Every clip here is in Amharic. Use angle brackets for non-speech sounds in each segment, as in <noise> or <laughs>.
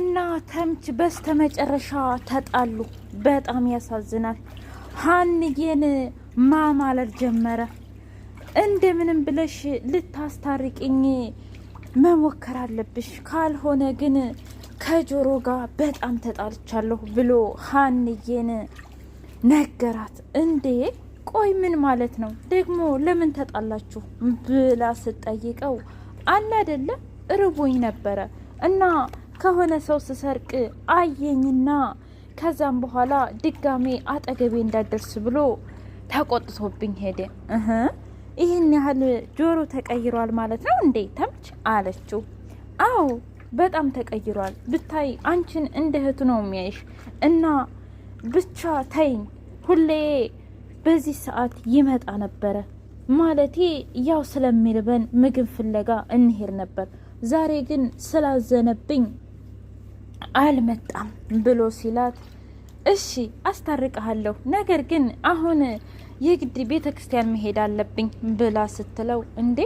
ናሆና ተምች በስተመጨረሻ ተጣሉ። በጣም ያሳዝናል። ሀንዬን ማማለር ጀመረ። እንደምንም ብለሽ ልታስታርቅኝ መሞከር አለብሽ፣ ካልሆነ ግን ከጆሮ ጋር በጣም ተጣልቻለሁ ብሎ ሀንዬን ነገራት። እንዴ ቆይ ምን ማለት ነው ደግሞ ለምን ተጣላችሁ ብላ ስጠይቀው አይደለም? ርቦኝ ነበረ እና ከሆነ ሰው ስሰርቅ አየኝና ከዛም በኋላ ድጋሜ አጠገቤ እንዳደርስ ብሎ ተቆጥቶብኝ ሄደ። ይህን ያህል ጆሮ ተቀይሯል ማለት ነው እንዴ ተምች አለችው። አዎ በጣም ተቀይሯል። ብታይ አንቺን እንደ እህቱ ነው የሚያይሽ። እና ብቻ ተይኝ፣ ሁሌ በዚህ ሰዓት ይመጣ ነበረ ማለቴ ያው ስለሚርበን ምግብ ፍለጋ እንሄድ ነበር። ዛሬ ግን ስላዘነብኝ አልመጣም ብሎ ሲላት እሺ አስታርቅሃለሁ፣ ነገር ግን አሁን የግድ ቤተ ክርስቲያን መሄድ አለብኝ ብላ ስትለው እንዴ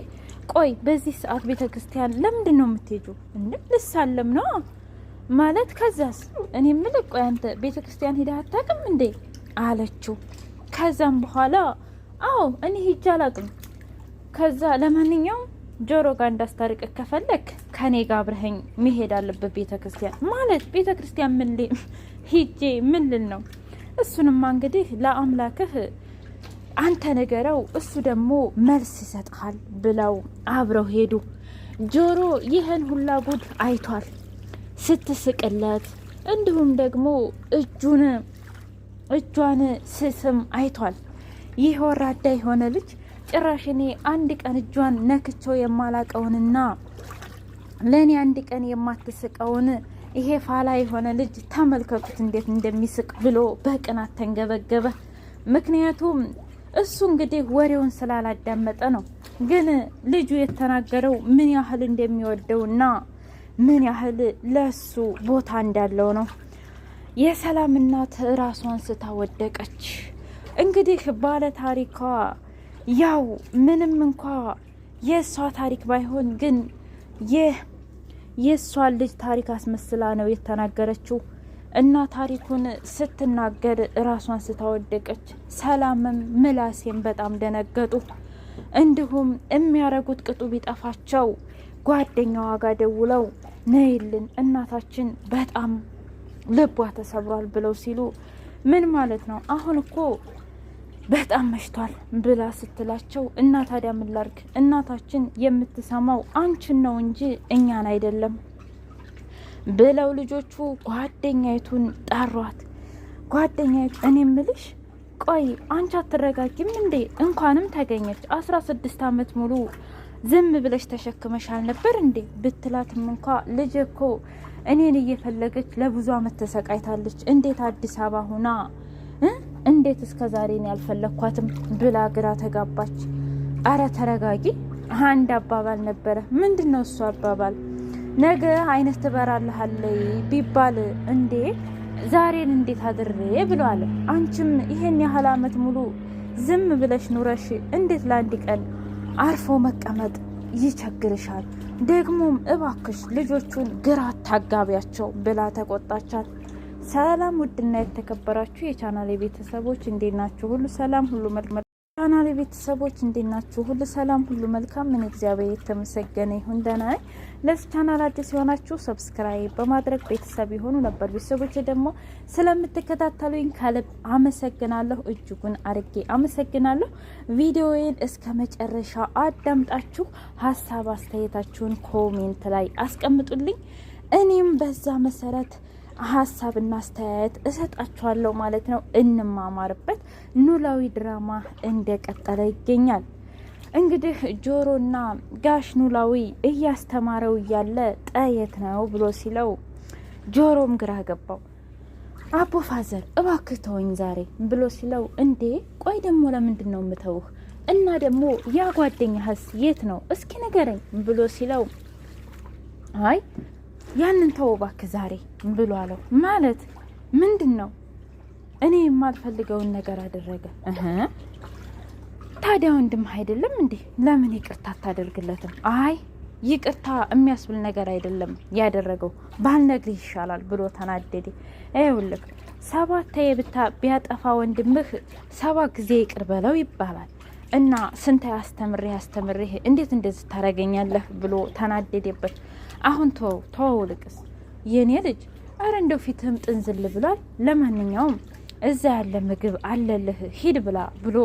ቆይ በዚህ ሰዓት ቤተ ክርስቲያን ለምንድን ነው የምትሄጁ? እንዴ ልሳለም ነው ማለት ከዛስ? እኔ ምልቅ ቆይ አንተ ቤተ ክርስቲያን ሄደህ አታውቅም እንዴ አለችው። ከዛም በኋላ አዎ እኔ ሂጄ አላውቅም። ከዛ ለማንኛውም ጆሮ ጋር እንዳስታርቅ ከፈለግ ከኔ ጋር አብረኸኝ መሄድ አለበት ቤተ ክርስቲያን ማለት ቤተ ክርስቲያን ምን ሂጄ ምን ልል ነው? እሱንማ እንግዲህ ለአምላክህ አንተ ነገረው፣ እሱ ደግሞ መልስ ይሰጥሃል ብለው አብረው ሄዱ። ጆሮ ይህን ሁላ ጉድ አይቷል፣ ስትስቅለት እንዲሁም ደግሞ እጁን እጇን ስስም አይቷል። ይህ ወራዳ የሆነ ልጅ ጭራሽ እኔ አንድ ቀን እጇን ነክቸው የማላቀውንና ለእኔ አንድ ቀን የማትስቀውን ይሄ ፋላ የሆነ ልጅ ተመልከቱት እንዴት እንደሚስቅ ብሎ በቅናት ተንገበገበ። ምክንያቱም እሱ እንግዲህ ወሬውን ስላላዳመጠ ነው። ግን ልጁ የተናገረው ምን ያህል እንደሚወደውና ምን ያህል ለሱ ቦታ እንዳለው ነው። የሰላም እናት ራሷን ስታ ወደቀች። እንግዲህ ባለ ታሪኳ ያው ምንም እንኳ የእሷ ታሪክ ባይሆን ግን ይህ የእሷን ልጅ ታሪክ አስመስላ ነው የተናገረችው እና ታሪኩን ስትናገር ራሷን ስታወደቀች፣ ሰላምም ምላሴም በጣም ደነገጡ። እንዲሁም የሚያረጉት ቅጡ ቢጠፋቸው ጓደኛዋ ጋር ደውለው ነይልን እናታችን በጣም ልቧ ተሰብሯል ብለው ሲሉ ምን ማለት ነው አሁን እኮ በጣም መሽቷል ብላ ስትላቸው እና ታዲያ ምን እናታችን የምትሰማው አንቺን ነው እንጂ እኛን አይደለም ብለው ልጆቹ ጓደኛይቱን ጠሯት። ጓደኛይቱ እኔ ምልሽ ቆይ አንቺ አትረጋጊም እንዴ? እንኳንም ተገኘች አስራ ስድስት አመት ሙሉ ዝም ብለሽ ተሸክመሽ አልነበር እንዴ ብትላትም እንኳ ልጅ እኮ እኔን እየፈለገች ለብዙ አመት ተሰቃይታለች። እንዴት አዲስ አበባ ሁና እንዴት እስከ ዛሬ ነው ያልፈለግኳትም ብላ ግራ ተጋባች። አረ ተረጋጊ። አንድ አባባል ነበረ። ምንድን ነው እሱ አባባል? ነገ አይነት ትበራልሃለይ ቢባል እንዴ ዛሬን እንዴት አድሬ ብሏል አንቺም ይሄን ያህል አመት ሙሉ ዝም ብለሽ ኑረሽ እንዴት ለአንድ ቀን አርፎ መቀመጥ ይቸግርሻል? ደግሞም እባክሽ ልጆቹን ግራ አታጋቢያቸው ብላ ተቆጣቻል። ሰላም ውድና የተከበራችሁ የቻናል ቤተሰቦች እንዴት ናችሁ? ሁሉ ሰላም፣ ሁሉ መልካም። ቻናል ቤተሰቦች እንዴት ናችሁ? ሁሉ ሰላም፣ ሁሉ መልካም። ምን እግዚአብሔር የተመሰገነ ይሁን። ደህና ነኝ። ለዚህ ቻናል አዲስ የሆናችሁ ሰብስክራይብ በማድረግ ቤተሰብ የሆኑ ነበር። ቤተሰቦች ደግሞ ስለምትከታተሉኝ ከልብ አመሰግናለሁ። እጅጉን አርጌ አመሰግናለሁ። ቪዲዮዬን እስከ መጨረሻ አዳምጣችሁ ሀሳብ አስተያየታችሁን ኮሜንት ላይ አስቀምጡልኝ። እኔም በዛ መሰረት ሀሳብና አስተያየት እሰጣችኋለሁ ማለት ነው። እንማማርበት። ኖላዊ ድራማ እንደቀጠለ ይገኛል። እንግዲህ ጆሮና ጋሽ ኖላዊ እያስተማረው እያለ ጠየት ነው ብሎ ሲለው ጆሮም ግራ ገባው። አቦ ፋዘር እባክህ ተወኝ ዛሬ ብሎ ሲለው፣ እንዴ ቆይ ደግሞ ለምንድን ነው የምተውህ? እና ደግሞ ያ ጓደኛህስ የት ነው እስኪ ንገረኝ ብሎ ሲለው አይ ያንን ተው እባክህ ዛሬ ብሎ አለው። ማለት ምንድን ነው? እኔ የማልፈልገውን ነገር አደረገ። ታዲያ ወንድም አይደለም እንዴ? ለምን ይቅርታ አታደርግለትም? አይ ይቅርታ የሚያስብል ነገር አይደለም ያደረገው፣ ባልነግርህ ይሻላል ብሎ ተናደደ። ይኸውልህ ሰባት የብታ ቢያጠፋ ወንድምህ ሰባ ጊዜ ይቅር በለው ይባላል እና ስንታ ያስተምሬህ ያስተምሬህ እንዴት እንደዚህ ታደርገኛለህ ብሎ ተናደደበት። አሁን ተወው ተወው፣ ልቅስ የኔ ልጅ። አረ እንደው ፊትህም ጥንዝል ብሏል። ለማንኛውም እዛ ያለ ምግብ አለልህ ሂድ ብላ ብሎ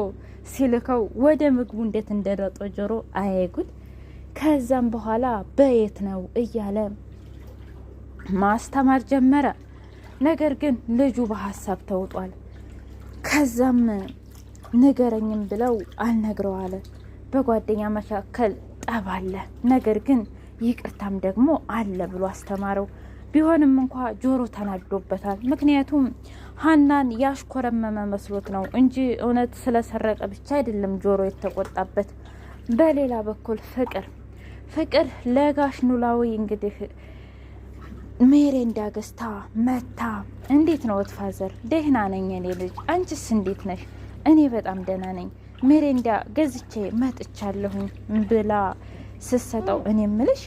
ሲልከው ወደ ምግቡ እንዴት እንደሮጠ ጆሮ አየጉድ። ከዛም በኋላ በየት ነው እያለ ማስተማር ጀመረ። ነገር ግን ልጁ በሀሳብ ተውጧል። ከዛም ንገረኝም ብለው አልነግረው አለ። በጓደኛ መካከል ጠብ አለ። ነገር ግን ይቅርታም ደግሞ አለ ብሎ አስተማረው። ቢሆንም እንኳ ጆሮ ተናዶበታል። ምክንያቱም ሀናን ያሽኮረመመ መስሎት ነው እንጂ እውነት ስለሰረቀ ብቻ አይደለም ጆሮ የተቆጣበት። በሌላ በኩል ፍቅር ፍቅር ለጋሽ ኖላዊ እንግዲህ ሜሬንዳ ገዝታ መታ። እንዴት ነው ወትፋዘር? ደህና ነኝ እኔ ልጅ፣ አንቺስ እንዴት ነሽ? እኔ በጣም ደህና ነኝ፣ ሜሬንዳ ገዝቼ መጥቻለሁኝ ብላ ስሰጠው እኔ ምልሽ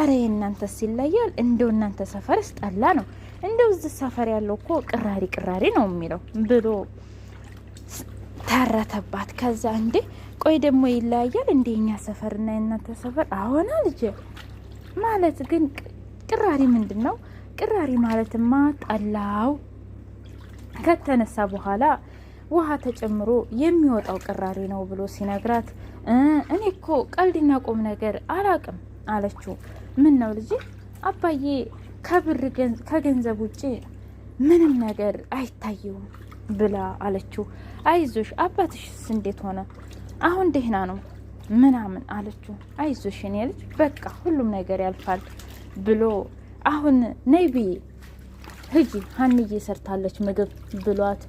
አረ የእናንተስ ይለያል። እንደው እናንተ ሰፈርስ ጠላ ነው፣ እንደው እዚህ ሰፈር ያለው እኮ ቅራሪ ቅራሪ ነው የሚለው ብሎ ተረተባት። ከዛ እንዴ ቆይ ደግሞ ይለያያል እንዴ እኛ ሰፈርና የእናንተ ሰፈር? አሆና ልጅ ማለት ግን ቅራሪ ምንድን ነው? ቅራሪ ማለትማ ጠላው ከተነሳ በኋላ ውሃ ተጨምሮ የሚወጣው ቅራሪ ነው ብሎ ሲነግራት እኔ እኮ ቀልድና ቁም ነገር አላቅም አለችው። ምን ነው ልጅ አባዬ ከብር ከገንዘብ ውጭ ምንም ነገር አይታየውም ብላ አለችው። አይዞሽ አባትሽስ እንዴት ሆነ? አሁን ደህና ነው ምናምን አለችው። አይዞሽ እኔ ልጅ በቃ ሁሉም ነገር ያልፋል ብሎ አሁን ነይ ብዬ ህጂ ሀንዬ ሰርታለች ምግብ ብሏት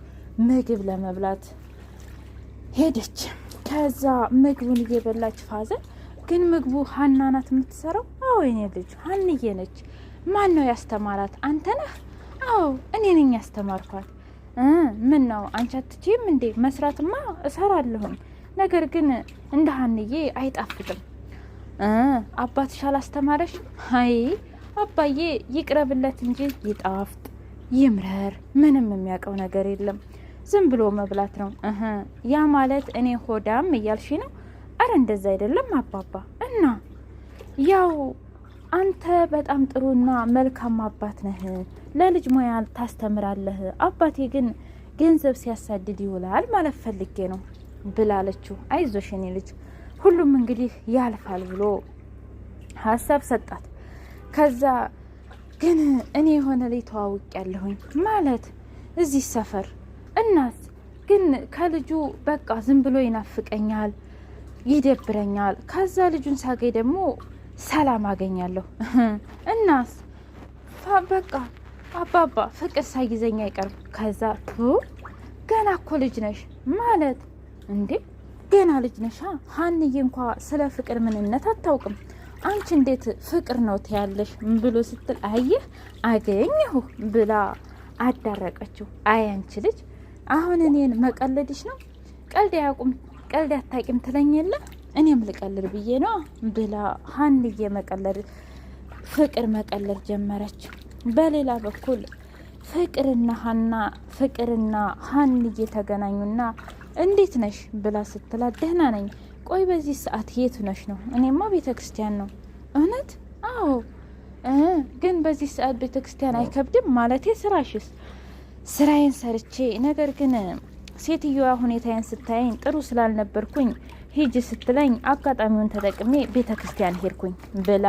ምግብ ለመብላት ሄደች። ከዛ ምግቡን እየበላች ፋዘር ግን ምግቡ ሀና ናት የምትሰራው? አዎ የኔ ልጅ ሀንዬ ነች። ማን ነው ያስተማራት? አንተ ነህ? አዎ እኔ ነኝ ያስተማርኳት። ምን ነው አንቺ አትችይም እንዴ? መስራትማ እሰራለሁም፣ ነገር ግን እንደ ሀንዬ አይጣፍጥም። አባትሽ አላስተማረሽ? አይ አባዬ ይቅረብለት እንጂ ይጣፍጥ ይምረር፣ ምንም የሚያውቀው ነገር የለም። ዝም ብሎ መብላት ነው። ያ ማለት እኔ ሆዳም እያልሽ ነው? አረ እንደዛ አይደለም አባባ። እና ያው አንተ በጣም ጥሩና መልካም አባት ነህ፣ ለልጅ ሙያ ታስተምራለህ። አባቴ ግን ገንዘብ ሲያሳድድ ይውላል ማለት ፈልጌ ነው ብላለችው። አይዞሽ እኔ ልጅ፣ ሁሉም እንግዲህ ያልፋል ብሎ ሀሳብ ሰጣት። ከዛ ግን እኔ የሆነ ላይ ተዋውቅ ያለሁኝ ማለት እዚህ ሰፈር እናስ ግን ከልጁ በቃ ዝም ብሎ ይናፍቀኛል፣ ይደብረኛል። ከዛ ልጁን ሳገኝ ደግሞ ሰላም አገኛለሁ። <laughs> እናስ በቃ አባባ ፍቅር ሳይዘኝ አይቀርም። ከዛ ገና እኮ ልጅ ነሽ ማለት እንዴ ገና ልጅ ነሽ። ሀንዬ እንኳ ስለ ፍቅር ምንነት አታውቅም። አንቺ እንዴት ፍቅር ነው ትያለሽ? ብሎ ስትል አየህ አገኘሁ ብላ አዳረቀችው። አይ አንቺ ልጅ አሁን እኔን መቀለድሽ ነው? ቀልድ አያውቁም ቀልድ አታቂም ትለኝ የለ እኔም ልቀልድ ብዬ ነው ብላ ሀንዬ መቀለድ ፍቅር መቀለድ ጀመረች። በሌላ በኩል ፍቅርና ሀና ፍቅርና ሀንዬ ተገናኙና እንዴት ነሽ ብላ ስትላት ደህና ነኝ። ቆይ በዚህ ሰዓት የት ነሽ ነው? እኔማ ቤተ ክርስቲያን ነው። እውነት? አዎ። ግን በዚህ ሰዓት ቤተ ክርስቲያን አይከብድም? ማለቴ ስራሽስ? ስራዬን ሰርቼ ነገር ግን ሴትዮዋ ሁኔታዬን ስታየኝ ጥሩ ስላልነበርኩኝ ሂጅ ስትለኝ አጋጣሚውን ተጠቅሜ ቤተ ክርስቲያን ሄድኩኝ ብላ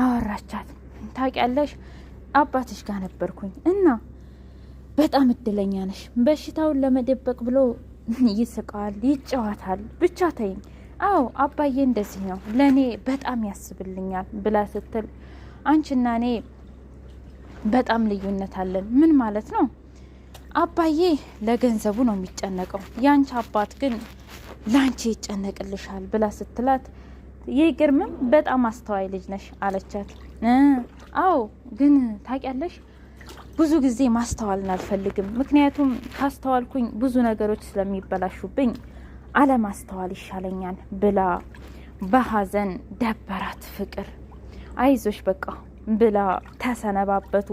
አወራቻት። ታውቂያለሽ አባትሽ ጋር ነበርኩኝ እና በጣም እድለኛ ነሽ። በሽታውን ለመደበቅ ብሎ ይስቃል፣ ይጫወታል። ብቻ ተይኝ። አዎ አባዬ እንደዚህ ነው፣ ለእኔ በጣም ያስብልኛል ብላ ስትል አንቺና እኔ በጣም ልዩነት አለን። ምን ማለት ነው? አባዬ ለገንዘቡ ነው የሚጨነቀው፣ ያንቺ አባት ግን ላንቺ ይጨነቅልሻል ብላ ስትላት ይግርምም በጣም አስተዋይ ልጅ ነሽ አለቻት። አዎ ግን ታውቂያለሽ ብዙ ጊዜ ማስተዋልን አልፈልግም፣ ምክንያቱም ካስተዋልኩኝ ብዙ ነገሮች ስለሚበላሹብኝ አለማስተዋል ይሻለኛል ብላ በሀዘን ደበራት ፍቅር። አይዞሽ በቃ ብላ ተሰነባበቱ።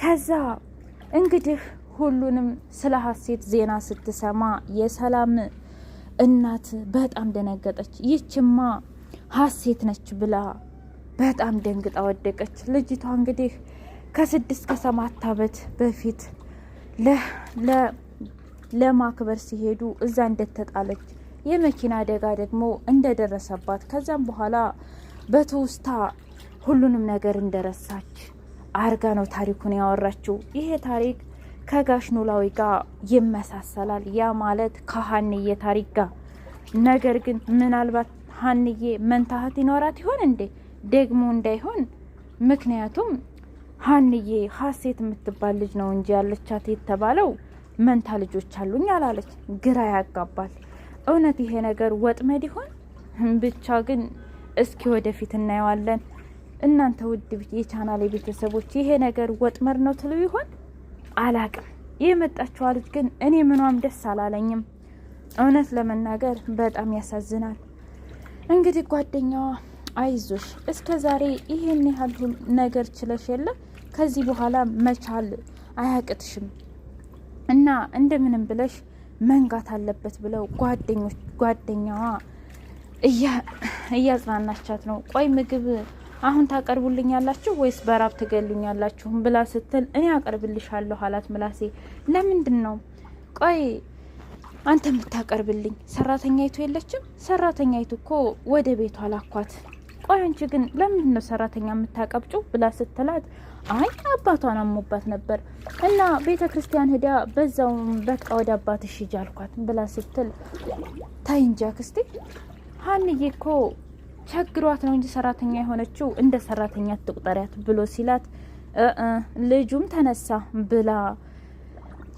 ከዛ እንግዲህ ሁሉንም ስለ ሀሴት ዜና ስትሰማ የሰላም እናት በጣም ደነገጠች። ይችማ ሀሴት ነች ብላ በጣም ደንግጣ ወደቀች። ልጅቷ እንግዲህ ከስድስት ከሰባት ዓመት በፊት ለማክበር ሲሄዱ እዛ እንደተጣለች የመኪና አደጋ ደግሞ እንደደረሰባት ከዚያም በኋላ በትውስታ ሁሉንም ነገር እንደረሳች አርጋ ነው ታሪኩን ያወራችው። ይሄ ታሪክ ከጋሽ ኖላዊ ጋር ይመሳሰላል። ያ ማለት ከሀንዬ ታሪክ ጋር ነገር ግን ምናልባት ሀንዬ መንታሀት ይኖራት ይሆን እንዴ? ደግሞ እንዳይሆን ምክንያቱም ሀንዬ ሀሴት የምትባል ልጅ ነው እንጂ ያለቻት የተባለው መንታ ልጆች አሉኝ አላለች። ግራ ያጋባል። እውነት ይሄ ነገር ወጥመድ ይሆን? ብቻ ግን እስኪ ወደፊት እናየዋለን። እናንተ ውድ የቻናል ቤተሰቦች ይሄ ነገር ወጥመር ነው ትሉ ይሆን አላቅም። የመጣችዋ ልጅ ግን እኔ ምኗም ደስ አላለኝም። እውነት ለመናገር በጣም ያሳዝናል። እንግዲህ ጓደኛዋ አይዞሽ፣ እስከ ዛሬ ይህን ያህል ነገር ችለሽ የለም ከዚህ በኋላ መቻል አያቅትሽም እና እንደምንም ብለሽ መንጋት አለበት ብለው ጓደኞች ጓደኛዋ እያጽናናቻት ነው። ቆይ ምግብ አሁን ታቀርቡልኛላችሁ ወይስ በራብ ትገሉኛላችሁም ብላ ስትል እኔ አቀርብልሻለሁ አላት ምላሴ። ለምንድን ነው ቆይ አንተ የምታቀርብልኝ? ሰራተኛይቱ የለችም? ሰራተኛይቱ እኮ ወደ ቤቷ አላኳት። ቆይ አንቺ ግን ለምንድን ነው ሰራተኛ የምታቀብጩ? ብላ ስትላት አይ አባቷን አሞባት ነበር እና ቤተ ክርስቲያን ሂዳ በዛውም በቃ ወደ አባትሽ ሂጂ አልኳት ብላ ስትል ታይ እንጂ አክስቴ ሀንዬ እኮ ቸግሯት ነው እንጂ ሰራተኛ የሆነችው እንደ ሰራተኛ ትቁጠሪያት ብሎ ሲላት ልጁም ተነሳ ብላ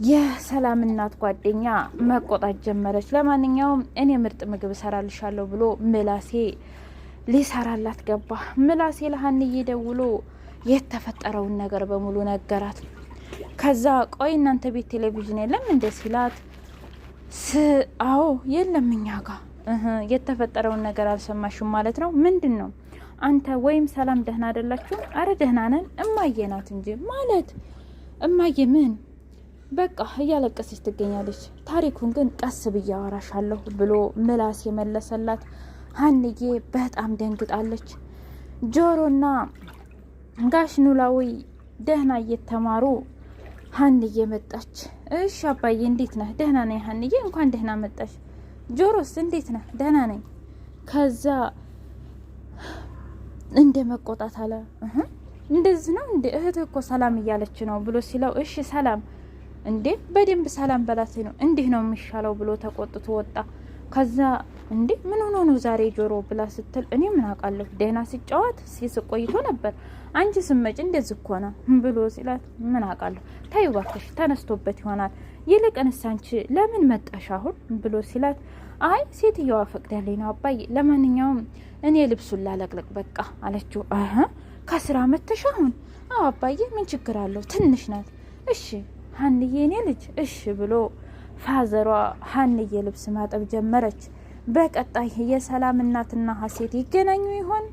የሰላም እናት ጓደኛ መቆጣት ጀመረች። ለማንኛውም እኔ ምርጥ ምግብ እሰራልሻለሁ ብሎ ምላሴ ሊሰራላት ገባ። ምላሴ ለሀንዬ ደውሎ የተፈጠረውን ነገር በሙሉ ነገራት። ከዛ ቆይ እናንተ ቤት ቴሌቪዥን የለም እንደ ሲላት፣ አዎ የለም እኛ ጋር የተፈጠረውን ነገር አልሰማሽም ማለት ነው። ምንድን ነው አንተ ወይም ሰላም ደህና አይደላችሁ? አረ ደህና ነን እማዬ ናት እንጂ ማለት እማዬ ምን በቃ እያለቀሰች ትገኛለች። ታሪኩን ግን ቀስ ብዬ አወራሻለሁ ብሎ ምላስ የመለሰላት ሀንዬ በጣም ደንግጣለች። ጆሮና ጋሽ ኖላዊ ደህና እየተማሩ ሀንዬ መጣች። እሺ አባዬ እንዴት ነህ? ደህና ነኝ ሀንዬ። እንኳን ደህና መጣች ጆሮስ እንዴት ነህ? ደህና ነኝ። ከዛ እንደ መቆጣት አለ እንደዚህ ነው እንደ እህት እኮ ሰላም እያለች ነው ብሎ ሲለው እሺ ሰላም እንዴ በደንብ ሰላም በላት ነው እንዲህ ነው የሚሻለው ብሎ ተቆጥቶ ወጣ። ከዛ እንዴ ምን ሆኖ ነው ዛሬ ጆሮ ብላ ስትል እኔ ምን አውቃለሁ ደህና ሲጫወት ሲስቅ ቆይቶ ነበር አንቺ ስመጭ እንደዚህ እኮ ነው ብሎ ሲላት ምን አውቃለሁ ታዩ ባክሽ ተነስቶበት ይሆናል ይልቅንስ አንቺ ለምን መጣሽ አሁን ብሎ ሲላት አይ ሴትየዋ ፈቅዳልኝ ነው አባዬ ለማንኛውም እኔ ልብሱን ላለቅልቅ በቃ አለችው አህ ከስራ መተሽ አሁን አዎ አባዬ ምን ችግር አለው ትንሽ ናት እሺ ሀንዬ እኔ ልጅ እሺ ብሎ ፋዘሯ ሀንዬ ልብስ ማጠብ ጀመረች በቀጣይ የሰላም እናትና ሀሴት ይገናኙ ይሆን?